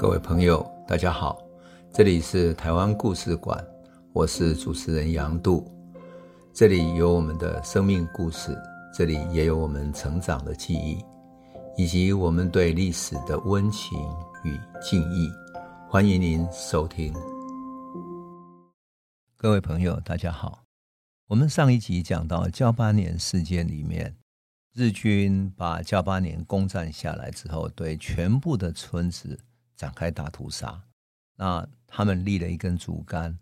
各位朋友，大家好，這裡是台灣故事館，我是主持人楊渡，這裡有我們的生命故事，這裡也有我們成長的記憶，以及我們對歷史的溫情與敬意。歡迎您收聽。各位朋友，大家好，我們上一集講到噍吧哖事件裡面，日軍把噍吧哖攻占下來之後，對全部的村子。展開大屠殺，那他們立了一根竹竿，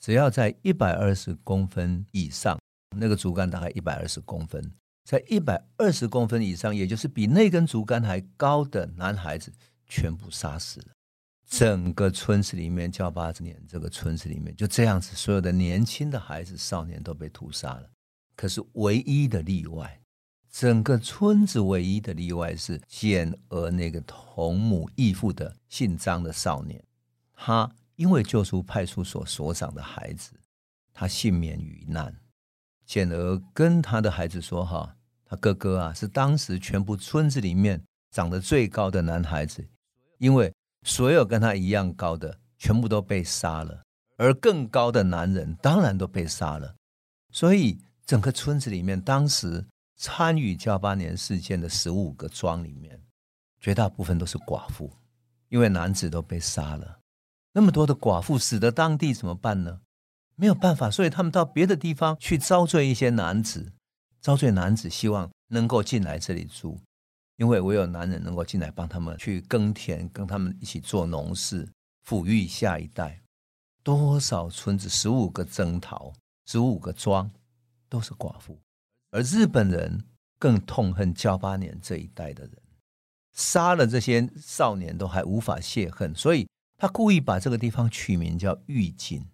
只要在一百二十公分以上，那個竹竿大概一百二十公分，在一百二十公分以上，也就是比那根竹竿還高的男孩子全部殺死了。整個村子裡面，叫巴茲年這個村子裡面就這樣子，所有的年輕的孩子、少年都被屠殺了。可是唯一的例外。整個村子唯一的例外是簡娥那個同母異父的姓張的少年，他因為救出派出所所長的孩子，他幸免於難。簡娥跟他的孩子說：“哈，他哥哥啊，是當時全部村子裡面長得最高的男孩子，因為所有跟他一樣高的全部都被殺了，而更高的男人當然都被殺了。所以整個村子裡面當時。”參與噍吧哖事件的十五個莊裡面，絕大部分都是寡婦，因為男子都被殺了。那麼多的寡婦死的當地怎麼辦呢？沒有辦法，所以他們到別的地方去招贅一些男子，招贅男子希望能夠進來這裡住，因為唯有男人能夠進來幫他們去耕田，跟他們一起做農事，撫育下一代。多少村子，十五個征討，十五個莊都是寡婦。而日本人更痛恨噍吧哖這一帶的人，殺了這些少年都還無法洩恨，所以他故意把這個地方取名叫玉井。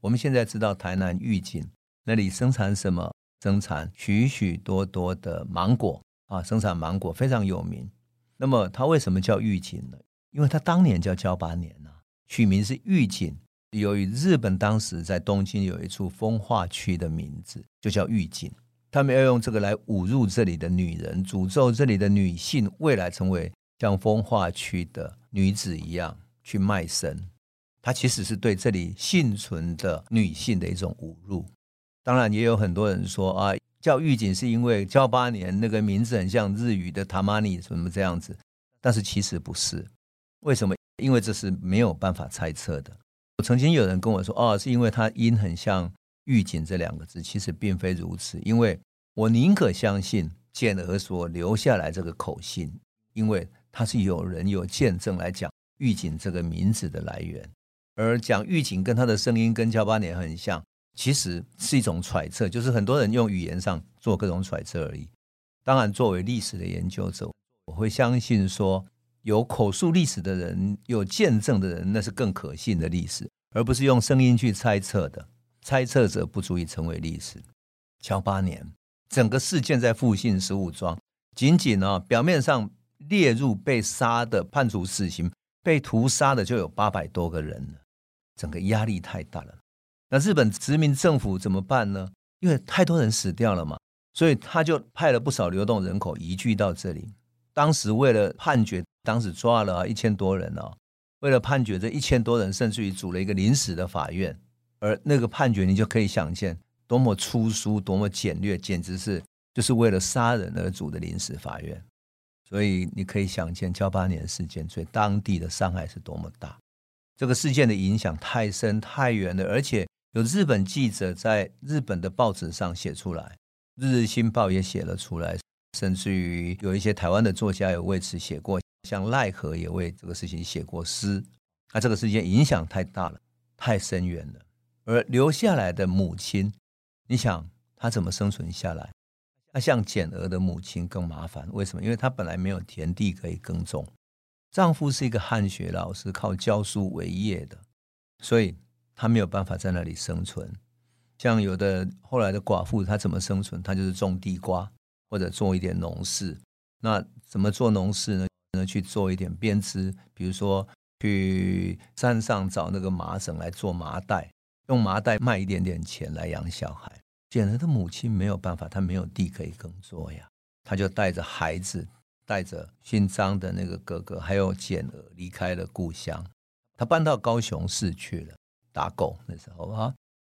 我們現在知道台南玉井那裡生產什麼？生產許許多多的芒果啊，生產芒果非常有名。那麼他為什麼叫玉井呢？因為他當年叫噍吧哖啊，取名是玉井。由於日本當時在東京有一處風化區的名字，就叫玉井。他們要用這個來侮辱這裡的女人，詛咒這裡的女性未來成為像風化區的女子一樣去賣身。他其實是對這裡倖存的女性的一種侮辱。當然，也有很多人說啊，叫玉井是因為噍吧哖那個名字很像日語的 “tamani” 什麼這樣子，但是其實不是。為什麼？因為這是沒有辦法猜測的。我曾經有人跟我說，哦、啊，是因為它音很像。玉井這兩個字其實並非如此，因為我寧可相信簡娥所留下來這個口信，因為他是有人有見證來講玉井這個名字的來源，而講玉井跟他的聲音跟噍吧哖很像，其實是一種揣測，就是很多人用語言上做各種揣測而已。當然，作為歷史的研究者，我會相信說有口述歷史的人，有見證的人，那是更可信的歷史，而不是用聲音去猜測的。猜測者不足以成為歷史。噍吧哖，整個事件在復興十五莊，僅僅啊，表面上列入被殺的判處死刑、被屠殺的就有八百多個人。整個壓力太大了。那日本殖民政府怎麼辦呢？因為太多人死掉了嘛，所以他就派了不少流動人口移居到這裡。當時為了判決，當時抓了一千多人哦，為了判決這一千多人，甚至於組了一個臨時的法院。而那個判決，你就可以想見，多麼粗疏，多麼簡略，簡直是就是為了殺人而組的臨時法院。所以你可以想見，噍吧哖的事件對當地的傷害是多麼大，這個事件的影響太深太遠了。而且有日本記者在日本的報紙上寫出來，《日日新報》也寫了出來，甚至於有一些台灣的作家也為此寫過，像賴和也為這個事情寫過詩。那這個事件影響太大了，太深遠了。而留下來的母親，你想她怎麼生存下來？那、啊、像簡娥的母親更麻煩，為什麼？因為她本來沒有田地可以耕種，丈夫是一個漢學老師，靠教書為業的，所以她沒有辦法在那裡生存。像有的後來的寡婦，她怎麼生存？她就是種地瓜或者做一點農事。那怎麼做農事呢？只能去做一點編織，比如說去山上找那個麻繩來做麻袋。用麻袋賣一點點錢來養小孩。簡娥的母親沒有辦法，她沒有地可以耕作呀，她就帶着孩子，帶着姓張的那個哥哥，還有簡娥，離開了故鄉。她搬到高雄市去了，打狗。那時候啊，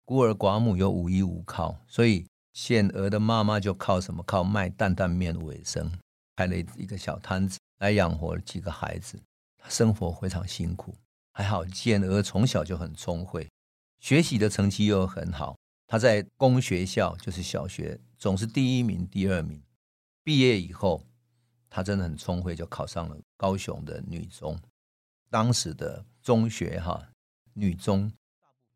孤兒寡母又無依無靠，所以簡娥的媽媽就靠什麼？靠賣擔擔麵為生，開了一個小攤子來養活幾個孩子。她生活非常辛苦，還好簡娥從小就很聰慧。學習的成績又很好，他在公學校就是小學，總是第一名、第二名。畢業以後，他真的很聰慧，就考上了高雄的女中。當時的中學哈，女中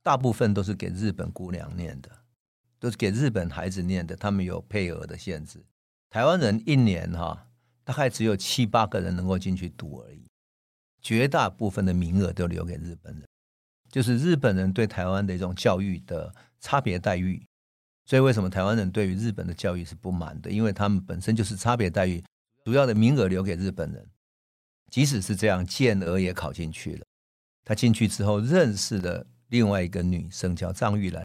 大部分都是給日本姑娘念的，都是給日本孩子念的。他們有配額的限制，台灣人一年哈，大概只有七八個人能夠進去讀而已，絕大部分的名額都留給日本人。就是日本人對台灣的一種教育的差別待遇，所以為什麼台灣人對於日本的教育是不滿的？因為他們本身就是差別待遇，主要的名額留給日本人。即使是這樣，簡娥也考進去了。他進去之後認識了另外一個女生，叫張玉蘭。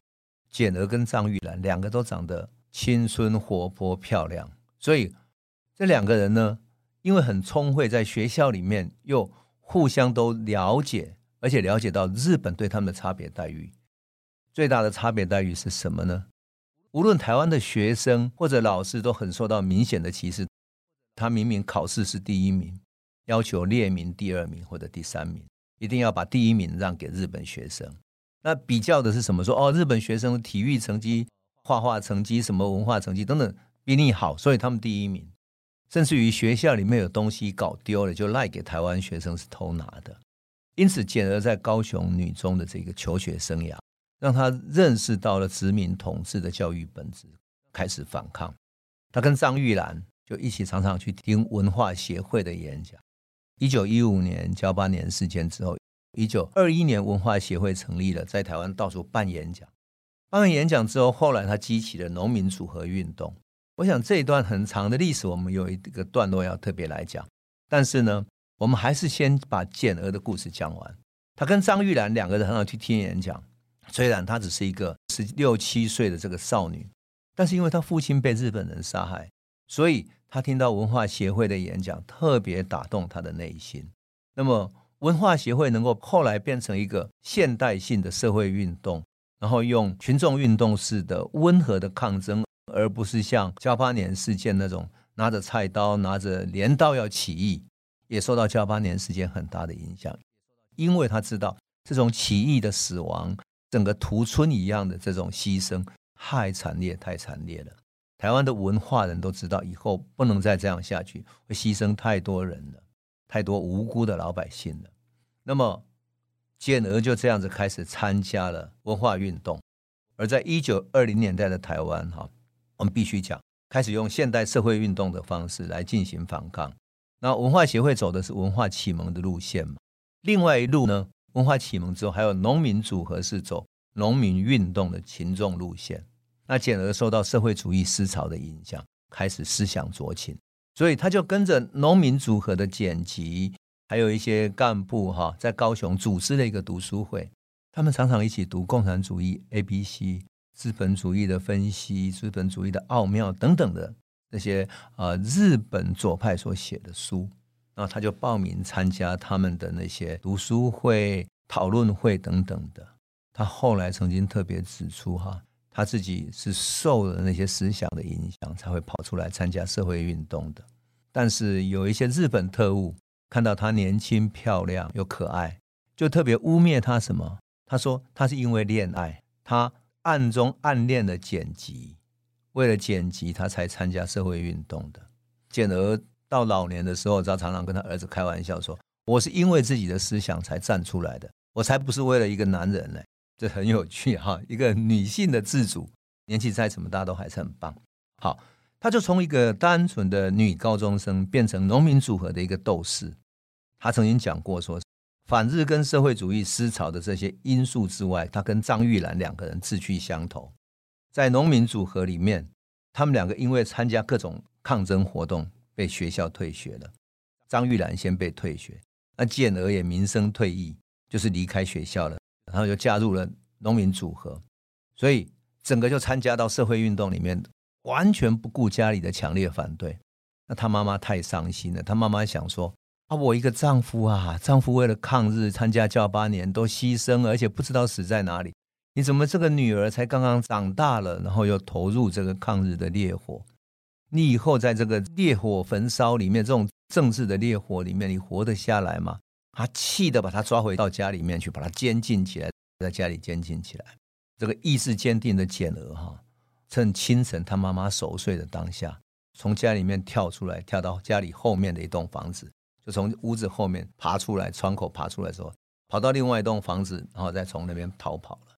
簡娥跟張玉蘭兩個都長得青春活潑、漂亮，所以這兩個人呢，因為很聰慧，在學校裡面又互相都了解。而且了解到日本對他們的差別待遇，最大的差別待遇是什麼呢？無論台灣的學生或者老師都很受到明顯的歧視。他明明考試是第一名，要求列名第二名或者第三名，一定要把第一名讓給日本學生。那比較的是什麼？說哦，日本學生的體育成績、畫畫成績、什麼文化成績等等比你好，所以他們第一名。甚至於學校裡面有東西搞丟了，就賴給台灣學生是偷拿的。因此，簡娥在高雄女中的這個求學生涯，讓她認識到了殖民統治的教育本質，開始反抗。她跟張玉蘭就一起常常去聽文化協會的演講。一九一五年，噍吧哖事件之後，一九二一年文化協會成立了，在台灣到處辦演講。辦完演講之後，後來她激起了農民組合運動。我想這一段很長的歷史，我們有一個段落要特別來講。但是呢，我們還是先把簡娥的故事講完。她跟張玉蘭兩個人很好，去聽演講。雖然她只是一個十六七歲的這個少女，但是因為她父親被日本人殺害，所以她聽到文化協會的演講，特別打動她的內心。那麼，文化協會能夠後來變成一個現代性的社會運動，然後用群眾運動式的溫和的抗爭，而不是像噍吧哖事件那種拿着菜刀、拿着鐮刀要起義。也受到噍吧哖事件很大的影響，因為他知道這種起義的死亡，整個屠村一樣的這種犧牲太慘烈，太慘烈了。台灣的文化人都知道，以後不能再這樣下去，會犧牲太多人了，太多無辜的老百姓了。那麼，簡娥就這樣子開始參加了文化運動，而在一九二零年代的台灣哈，我們必須講，開始用現代社會運動的方式來進行反抗。那文化協會走的是文化啟蒙的路線嘛？另外一路呢，文化啟蒙之後，還有農民組合是走農民運動的群眾路線。那進而受到社會主義思潮的影響，開始思想酌情左傾，所以他就跟着農民組合的簡吉，還有一些幹部哈、啊，在高雄組織了一個讀書會，他們常常一起讀《共產主義 ABC》、《資本主義的分析》、《資本主義的奧妙》等等的。那些呃，日本左派所寫的書，然後他就報名參加他們的那些讀書會、討論會等等的。他後來曾經特別指出，哈，他自己是受了那些思想的影響，才會跑出來參加社會運動的。但是有一些日本特務看到他年輕、漂亮又可愛，就特別污蔑他什麼？他說他是因為戀愛，他暗中暗戀的簡吉。為了簡吉，他才參加社會運動的。簡娥到老年的時候，還常常跟他兒子開玩笑說：“我是因為自己的思想才站出來的，我才不是為了一個男人呢、欸。”這很有趣哈、哦，一個女性的自主，年紀再怎麼大都還是很棒。好，他就從一個單純的女高中生變成農民組合的一個鬥士。他曾經講過說，反日跟社會主義思潮的這些因素之外，他跟張玉蘭兩個人志趣相投。在農民組合裡面，他們兩個因為參加各種抗爭活動，被學校退學了。張玉蘭先被退學，那簡娥也萌生退意，就是離開學校了，然後就加入了農民組合，所以整個就參加到社會運動裡面，完全不顧家裡的強烈反對。那他媽媽太傷心了，他媽媽想說：啊，我一個丈夫啊，丈夫為了抗日參加噍吧哖都犧牲了，而且不知道死在哪裡。你怎麼這個女兒才剛剛長大了，然後又投入這個抗日的烈火？你以後在這個烈火焚燒裡面，這種政治的烈火裡面，你活得下來嗎？他氣得把她抓回到家裡面去，把她監禁起來，在家裡監禁起來。這個意志堅定的簡娥哈，趁清晨他媽媽熟睡的當下，從家裡面跳出來，跳到家裡後面的一棟房子，就從屋子後面爬出來，窗口爬出來的時候，跑到另外一棟房子，然後再從那邊逃跑了。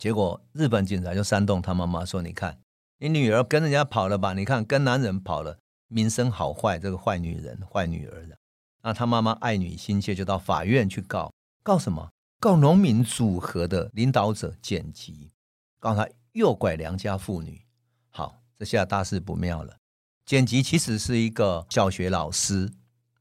結果，日本警察就煽動他媽媽說：“你看，你女兒跟人家跑了吧？你看，跟男人跑了，名聲好壞？這個壞女人、壞女兒的。那他媽媽愛女心切，就到法院去告。告什麼？告農民組合的領導者簡吉，告他誘拐良家婦女。好，這下大事不妙了。簡吉其實是一個教學老師。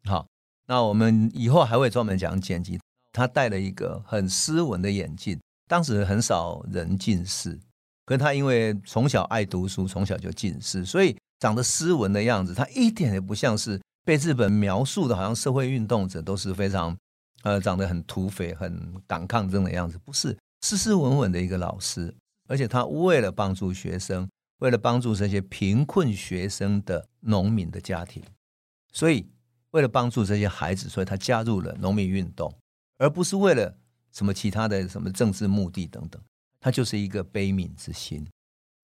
好，那我們以後還會專門講簡吉。他戴了一個很斯文的眼鏡。”當時很少人近視，可他因為從小愛讀書，從小就近視，所以長得斯文的樣子，他一點也不像是被日本描述的好像社會運動者都是非常，呃，長得很土匪、很敢抗爭的樣子，不是斯斯文文的一個老師。而且他為了幫助學生，為了幫助這些貧困學生的農民的家庭，所以為了幫助這些孩子，所以他加入了農民運動，而不是為了。什麼其他的什麼政治目的等等，他就是一個悲憫之心。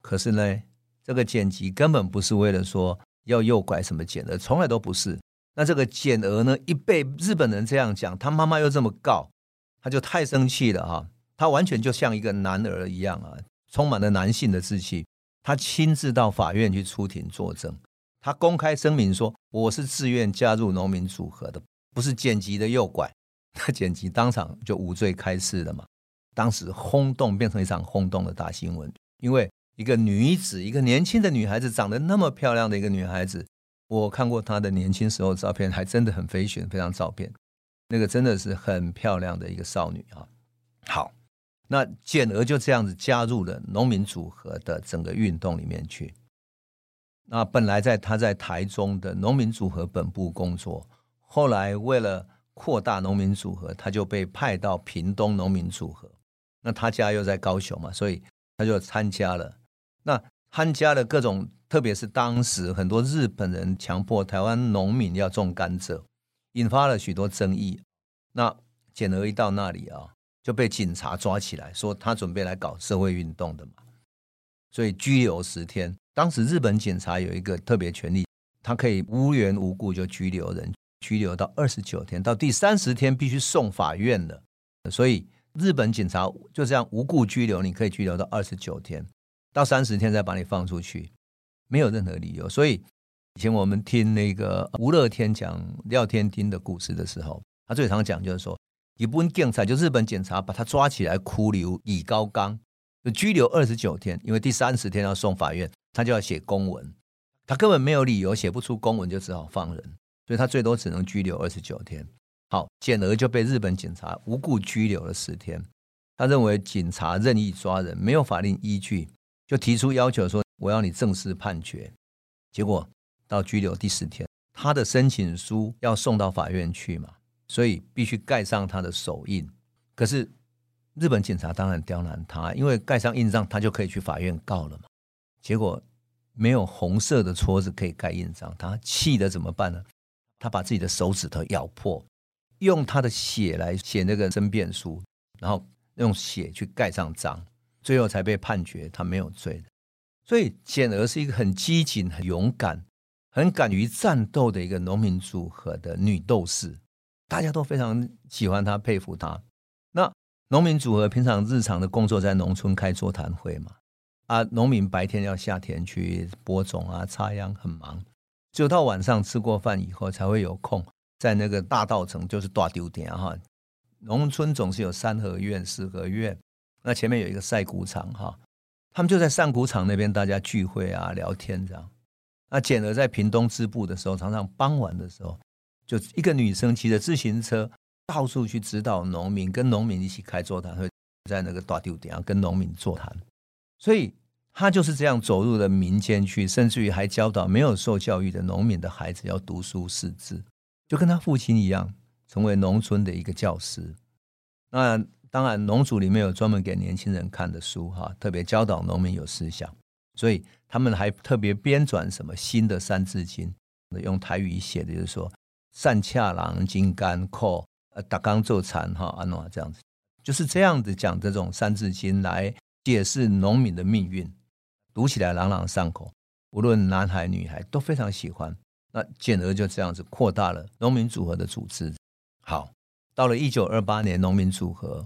可是呢，這個簡吉根本不是為了說要誘拐什麼簡娥，從來都不是。那這個簡娥呢，一被日本人這樣講，他媽媽又這麼告，他就太生氣了哈。他完全就像一個男兒一樣啊，充滿了男性的志氣。他親自到法院去出庭作證，他公開聲明說：“我是自願加入農民組合的，不是簡吉的誘拐。”他簡吉當場就無罪開釋了嘛？當時轟動，變成一場轟動的大新聞。因為一個女子，一個年輕的女孩子，長得那麼漂亮的一個女孩子，我看過她的年輕時候照片，還真的很飛旋，非常照片，那個真的是很漂亮的一個少女啊。好，那簡娥就這樣子加入了農民組合的整個運動裡面去。那本來在她在台中的農民組合本部工作，後來為了。擴大農民組合，他就被派到屏東農民組合。那他家又在高雄嘛，所以他就參加了。那他家的各種，特別是當時很多日本人強迫台灣農民要種甘蔗，引發了許多爭議。那簡娥一到那裡啊、哦，就被警察抓起來，說他準備來搞社會運動的嘛，所以拘留十天。當時日本警察有一個特別權力，他可以無緣無故就拘留人。拘留到二十九天，到第三十天必須送法院的，所以日本警察就這樣無故拘留，你可以拘留到二十九天，到三十天再把你放出去，沒有任何理由。所以以前我們聽那個吳樂天講廖添丁的故事的時候，他最常講就是說，一部分警察就日本警察把他抓起來，拘留乙高綱，就拘留二十九天，因為第三十天要送法院，他就要寫公文，他根本沒有理由，寫不出公文就只好放人。所以他最多只能拘留二十九天。好，簡娥就被日本警察無故拘留了十天。他認為警察任意抓人，沒有法令依據，就提出要求說：“我要你正式判決。”結果到拘留第十天，他的申請書要送到法院去嘛，所以必須蓋上他的手印。可是日本警察當然刁難他，因為蓋上印章他就可以去法院告了嘛。結果沒有紅色的戳子可以蓋印章，他氣得怎麼辦呢？他把自己的手指頭咬破，用他的血來寫那個申辯書，然後用血去蓋上章，最後才被判決他沒有罪的。所以簡娥是一個很機警、很勇敢、很敢於戰鬥的一個農民組合的女鬥士，大家都非常喜歡她、佩服她。那農民組合平常日常的工作，在農村開座談會嘛，啊，農民白天要下田去播種啊、插秧，很忙。就到晚上吃過飯以後，才會有空在那個大道城，就是大丟點哈。農村總是有三合院、四合院，那前面有一個曬穀場哈。他們就在曬穀場那邊大家聚會啊、聊天這樣。那簡娥在屏東支部的時候，常常傍晚的時候，就一個女生騎着自行車到處去指導農民，跟農民一起開座談會，在那個大丟點跟農民座談。所以。他就是這樣走入了民間去，甚至於還教導沒有受教育的農民的孩子要讀書識字，就跟他父親一樣，成為農村的一個教師。那當然，農組裡面有專門給年輕人看的書哈，特別教導農民有思想，所以他們還特別編纂什麼新的三字經，用台語寫的，就是說善恰郎金剛闊呃達剛奏禪哈安諾啊這樣子，就是這樣子講這種三字經來解釋農民的命運。讀起來朗朗上口，無論男孩女孩都非常喜歡。那簡娥就這樣子擴大了農民組合的組織。好，到了一九二八年，農民組合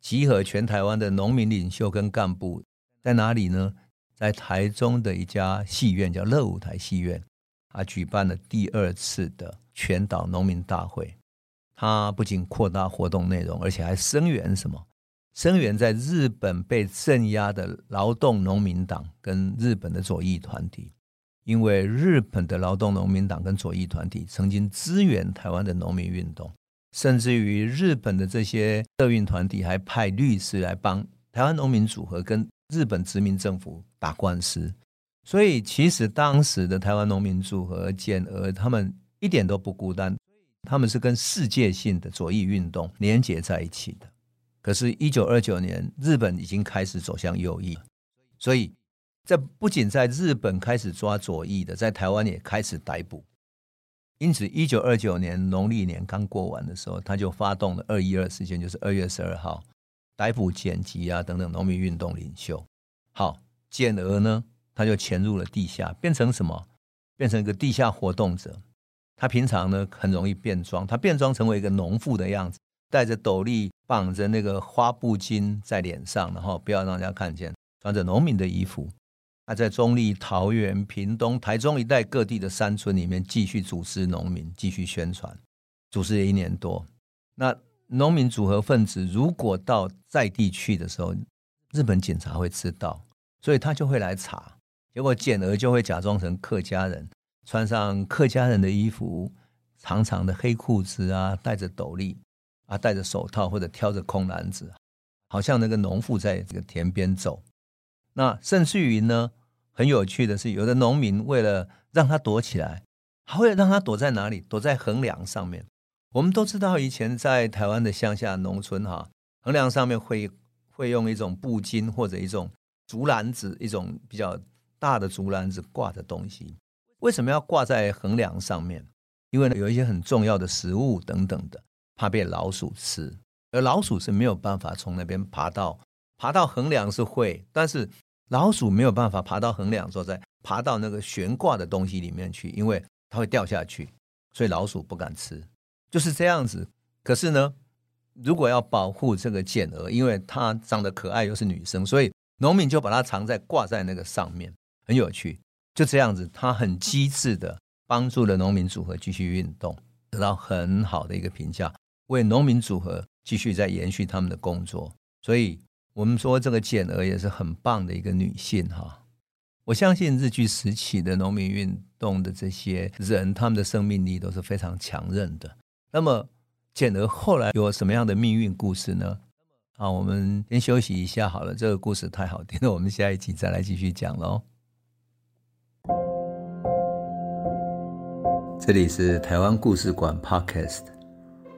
集合全台灣的農民領袖跟幹部在哪裡呢？在台中的一家戲院，叫樂舞台戲院，啊，舉辦了第二次的全島農民大會。他不僅擴大活動內容，而且還聲援什麼？聲援在日本被鎮壓的勞動農民黨跟日本的左翼團體，因為日本的勞動農民黨跟左翼團體曾經支援台灣的農民運動，甚至於日本的這些社運團體還派律師來幫台灣農民組合跟日本殖民政府打官司，所以其實當時的台灣農民組合、簡娥他們一點都不孤單，他們是跟世界性的左翼運動連接在一起的。可是，一九二九年，日本已經開始走向右翼，所以，這不僅在日本開始抓左翼的，在台灣也開始逮捕。因此，一九二九年農曆年剛過完的時候，他就發動了二一二事件，就是二月十二號逮捕簡吉啊等等農民運動領袖。好，簡娥呢，他就潛入了地下，變成什麼？變成一個地下活動者。他平常呢很容易變裝，他變裝成為一個農婦的樣子。戴着斗笠，綁着那個花布巾在臉上，然後不要讓人家看見，穿着農民的衣服，他在中壢桃、桃園、屏東、台中一帶各地的山村裡面繼續組織農民，繼續宣傳，組織了一年多。那農民組合分子如果到在地去的時候，日本警察會知道，所以他就會來查。結果簡娥就會假裝成客家人，穿上客家人的衣服，長長的黑褲子啊，戴着斗笠。啊，戴着手套或者挑着空籃子，好像那個農婦在這個田邊走。那甚至於呢，很有趣的是，有的農民為了讓他躲起來，還會讓他躲在哪裡？躲在橫梁上面。我們都知道，以前在台灣的鄉下農村，哈、啊，橫梁上面會會用一種布巾或者一種竹籃子，一種比較大的竹籃子掛的東西。為什麼要掛在橫梁上面？因為呢，有一些很重要的食物等等的。怕被老鼠吃，而老鼠是沒有辦法從那邊爬到，爬到橫梁是會，但是老鼠沒有辦法爬到橫梁坐，坐再爬到那個懸掛的東西裡面去，因為它會掉下去，所以老鼠不敢吃，就是這樣子。可是呢，如果要保護這個簡娥，因為它長得可愛又是女生，所以農民就把它藏在掛在那個上面，很有趣。就這樣子，它很機智的幫助了農民組合繼續運動，得到很好的一個評價。為農民組合繼續在延續他們的工作，所以我們說這個簡娥也是很棒的一個女性哈。我相信日據時期的農民運動的這些人，他們的生命力都是非常強韌的。那麼簡娥後來有什麼樣的命運故事呢？啊，我們先休息一下好了，這個故事太好聽了，我們下一集再來繼續講嘍。這裡是台灣故事館 Podcast。